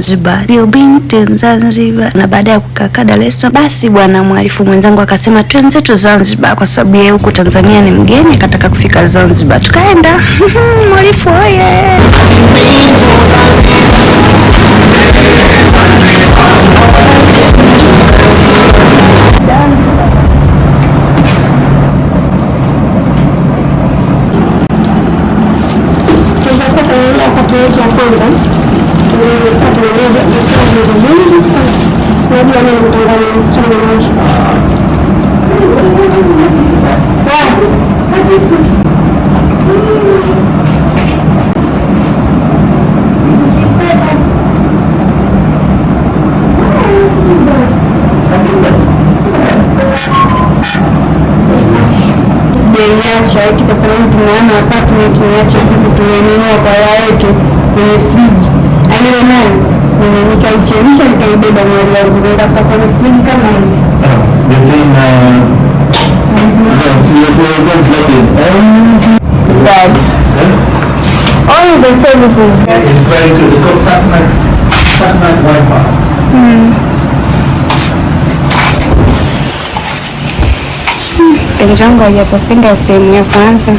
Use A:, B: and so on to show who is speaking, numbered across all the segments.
A: Zanzibar, binti Zanzibar, na baada ya kukaa Dar es Salaam, basi bwana mwalifu mwenzangu akasema tu Zanzibar kwa sababu yeye huko Tanzania ni mgeni, akataka kufika Zanzibar, tukaenda Mwalifu oye vitu vingi sana. Unajua mimi mtangazaji mchana maisha sijaiacha eti kwa sababu tunaona apartment niache huku tumenunua kwa yetu kwenye friji Pero no, bueno, mi canción es el que te tomó el orgullo de hasta con el fin de canal. Yo estoy en la... No, si yo puedo ver el flote. Dad. All of the services. Yeah, it's very good. It's called satellite, satellite Wi-Fi. Mm. El jungle ya por fin que hace mi afanza. Mm.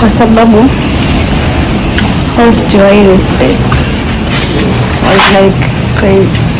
A: Pasa el babu. close to 80 space. It was like crazy.